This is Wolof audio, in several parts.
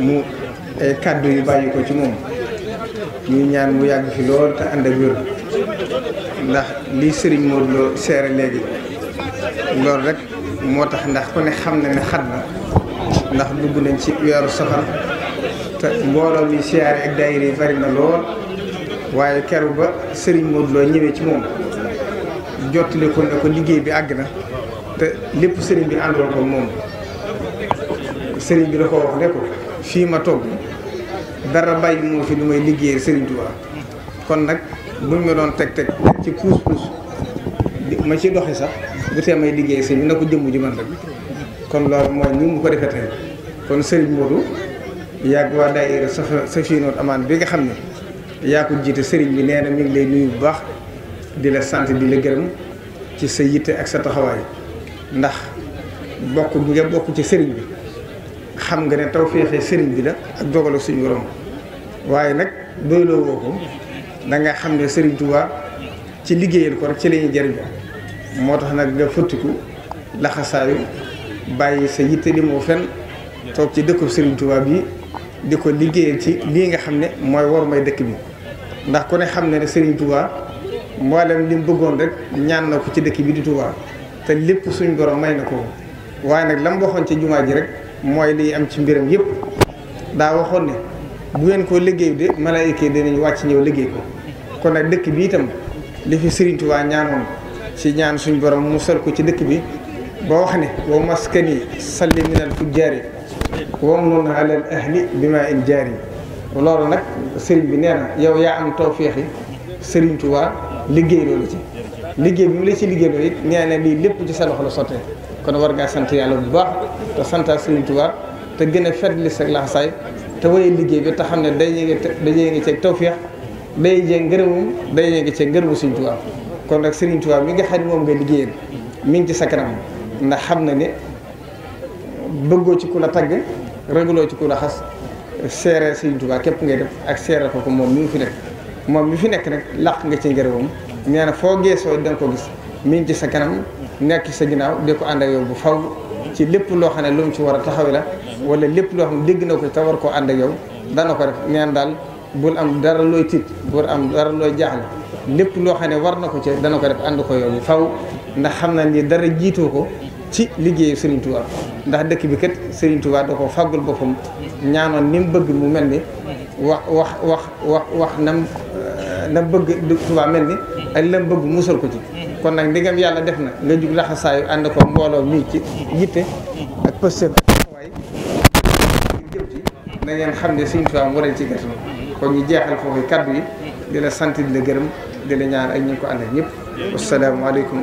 mu ay eh, kàddu yu bàyyi ko ci moom ñuy ñaan mu yàgg fi lool te ànd ak wér ndax lii sëriñ Modou seere léegi loolu rekk moo tax ndax ku ne xam na ne xat na ndax dugg nañ ci weeru safar te mbooloo mi siyaare ak daayira yi bari na lool waaye keru ba sëriñ Modou Lo ñëwee ci moom jottali ko ne ko liggéey bi àgg na te lépp sëriñ bi àndoo ko moom sëriñ bi da ko wax ne ko fii ma toog dara bàyyi moo fi lu may liggéeyee Serigne Touba kon nag buñ ma doon teg teg ci puus puus ma ci doxi sax bu tee may liggéey sëñ bi na ko jëmm ji man rek kon loolu moo ñu mu ko defee tey kon Serigne Modou yàgg waa daayira sa sa fiinoot amaan bi nga xam ne yaa ko jiite Serigne bi nee na mi ngi lay nuyu bu baax di la sant di la gërëm ci sa yitte ak sa taxawaay ndax bokk bi nga bokk ci Serigne bi. xam nga ne taw féexee sëriñ bi la ak dogalu suñu borom waaye nag doyloo woo ko da nga xam ne sëriñ Tuubaa ci liggéeyal ko rek ci lañuy jariñ moo tax nag nga fëttiku laxasaayu bàyyi sa yitte di moo fenn toog ci dëkkub sëriñ Tuubaa bi di ko liggéeyal ci lii nga xam ne mooy war may dëkk bi ndax ku ne xam ne ne sëriñ Tuubaa mboolem li mu bëggoon rek ñaan na ko ci dëkk bi di Tuubaa te lépp suñu borom may ne ko waaye nag lam waxoon ci jumaa ji rek mooy lii am ci mbiram yëpp daa waxoon ne bu ngeen ko liggéey de malaayika yi dinañ wàcc ñëw liggéey ko kon nag dëkk bi itam li fi Sëriñ Tuubaa ñaanoon ci ñaan suñ borom mu sal ko ci dëkk bi ba wax ne wa maskani salli minal fujjaari wam noon alal ahli bi ma in jaari loolu nag sëriñ bi nee na yow yaa am tawféexi Sëriñ Tuubaa liggéey loolu ci liggéey bi mu la ci liggéey loolu it nee na lii lépp ci sa loxo la sottee kon war ngaa sant yàlla bu baax te santaat Sëriñ te gën a fetli sa laxasaay te wéyee liggéey bi te xam ne day yéege day yéege ceeg tawféex day yéege ngërëmum day yéege ceeg ngërëmu Sëriñ Tuubaa kon nag Sëriñ Tuubaa mi nga xam ne moom nga liggéeyal mi ngi ci sa kanam ndax xam na ne bëggoo ci ku la tagg rëguloo ci ku la xas seere Sëriñ Tuubaa képp ngay def ak seere ko ko moom mi ngi fi nekk moom mi fi nekk nag làq nga ci ngërëmam nee foo geesoo da nga ko gis mi ngi ci sa kanam nekk ci sa ginnaaw di ko ànd ak yow bu faw ci lépp loo xam ne lu mu ci war a taxawe la wala lépp loo xam ne dégg na ko te war koo ànd ak yow dana ko rek neen daal bul am dara looy tiit bul am dara looy jaaxle lépp loo xam ne war na ko ci dana ko def ànd ko yow bu faw ndax xam na ni dara jiitoo ko ci liggéeyu Serigne Touba ndax dëkk bi kat Serigne Touba da ko fàggul boppam ñaanoon ni bëgg mu mel ni wax wax wax wax wax nam euh, na bëgg Touba mel ni ak musal ko ci kon nag ndigam yàlla def na nga jug laxasaayu ànd ko mbooloo mii ci yitte ak pëstëf waaye jëm ci na ngeen xam ne Sëriñ Tuubaa moo leen ci gerte kon ñu jeexal foofu kaddu yi di la sant di la gërëm di la ak ñu ko àndal ñëpp. asalaamaaleykum.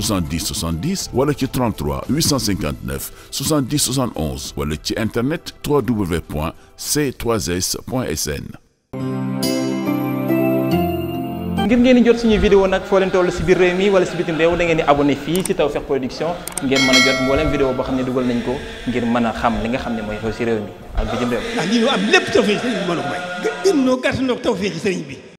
70 70 wala ci 33 859 70 71 wala ci internet www.c3s.sn. ngir ngeen di jot suñu vidéo nag foo leen toll si biir réew mi wala si bitim réew da ngeen di abonné fii si Tawfekh Production ngeen mën a jot mboolem vidéo boo xam ne dugal nañ ko ngir mën a xam li nga xam ne mooy xew si réew mi ak bitim réew. ndax lii am lépp Tawfekh sëriñ bi sëriñ bi.